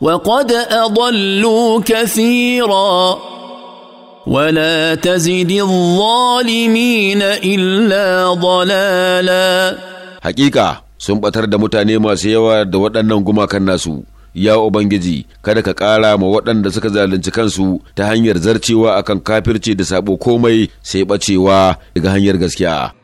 وقد اضلوا كثيرا ولا تزد الظالمين الا ضلالا حقيقه sun batar da mutane masu yawa da waɗannan gumakan nasu ya ubangiji kada ka ƙara ma waɗanda suka zalunci kansu ta hanyar zarcewa akan kafirci da sabo komai sai ɓacewa daga hanyar gaskiya